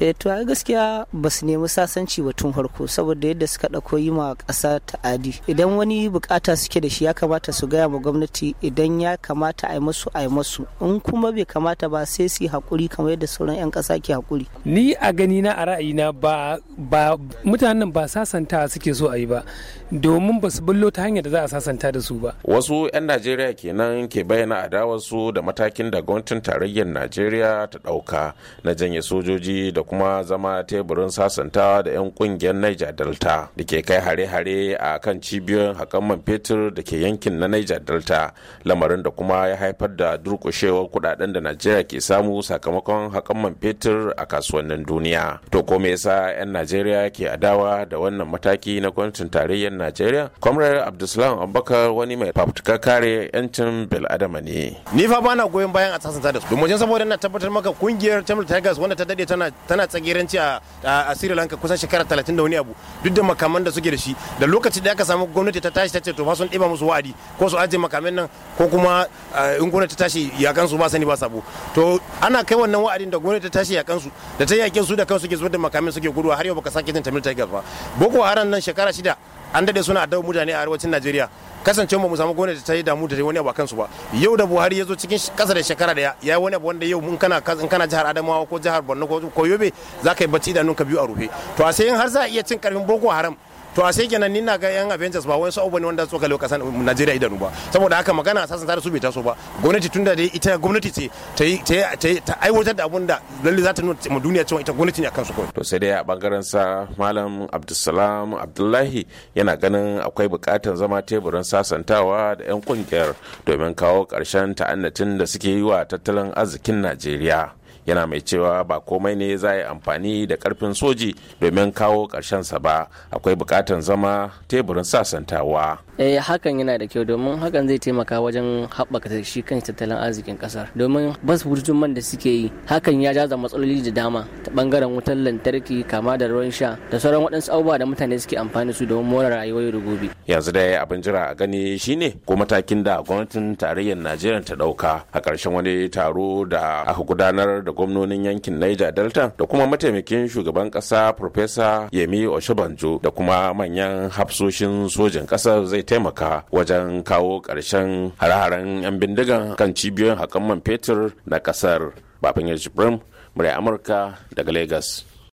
eh to a gaskiya ba su nemi sasanci ba tun farko saboda yadda suka ɗauko yi ma ƙasa ta'adi idan wani bukata suke da shi ya kamata su gaya ma gwamnati idan ya kamata a yi masu a yi masu in kuma bai kamata ba sai su yi haƙuri kamar yadda sauran 'yan ƙasa ke haƙuri ni a gani na a ra'ayina ba ba mutanen ba sasanta suke so a yi ba domin ba su bullo ta hanyar da za a sasanta da su ba wasu 'yan najeriya kenan ke bayyana adawarsu da matakin da gwamnatin tarayyar najeriya ta ɗauka na janye sojoji da kuma zama teburin sasantawa da 'yan kungiyar niger delta da ke kai hare-hare a kan cibiyoyin hakan man fetur da ke yankin na niger delta lamarin da kuma ya haifar da durkushewar kudaden da najeriya ke samu sakamakon hakan man fetur a kasuwannin duniya to ko me yasa 'yan najeriya ke adawa da wannan mataki na gwamnatin tarayyar najeriya comrade abdulsalam abubakar wani mai fafutukar kare 'yancin bil'adama ne ni fa bana goyon bayan a sasanta da su domin saboda na tabbatar maka kungiyar tamil tigers wanda ta dade tana ana tsagiranci a Sri Lanka kusan shekara 30 da wani abu duk da makaman da suke da shi da lokacin da aka samu gwamnati ta tashi ta ce to fa sun ɗiba musu wa'adi ko su aje makamin nan ko kuma in gwamnati ta tashi yakan su ba sani ba sabo to ana kai wannan wa'adin da gwamnati ta tashi yakan su da ta yakin su da kansu suke zuwa da makamin suke guduwa har yau baka sake jin Tamil Tigers ba Boko Haram nan shekara shida an dade suna addawa mutane a arewacin Najeriya kasance mu samu gwamnati ta yi damu da wani abu a su ba yau da buhari ya zo cikin kasa da shekara daya ya yi wani abu wanda yau mun kana in kana jihar adamawa ko jihar borno ko yobe za ka yi bacci idanunka biyu a rufe to a sai in har za a iya cin karfin boko haram to a sai kenan ni na ga yan Avengers ba wani sa'o bane wanda tsoka lokacin kasan Najeriya idanu ba saboda haka magana sasan da su bai taso ba gwamnati tun da ita gwamnati ce ta aiwatar da abun da lalle za ta nuna ma duniya cewa ita gwamnati ne a su kawai to sai dai a bangaren sa malam Abdulsalam Abdullahi yana ganin akwai bukatar zama teburin sasantawa da yan kungiyar domin kawo karshen ta'annatin da suke yi wa tattalin arzikin Najeriya yana mai cewa ba komai ne za yi amfani da karfin soji domin kawo sa ba akwai bukatan zama teburin sasantawa eh hakan yana da kyau domin hakan zai taimaka wajen haɓaka shi kan tattalin arzikin ƙasar domin bas man da suke yi hakan ya jaza matsaloli da dama bangaren wutar lantarki kama da ruwan sha da sauran waɗansu abubuwa da mutane suke amfani su don more rayuwar yau yanzu dai abin jira a gani shine ko matakin da gwamnatin tarayyar najeriya ta ɗauka a ƙarshen wani taro da aka gudanar da gwamnonin yankin niger delta da kuma mataimakin shugaban ƙasa profesa yemi oshibanjo da kuma manyan hafsoshin sojin ƙasar zai taimaka wajen kawo ƙarshen hare-haren 'yan bindigan kan cibiyoyin hakan man fetur na ƙasar babin jibrin murai amurka daga lagos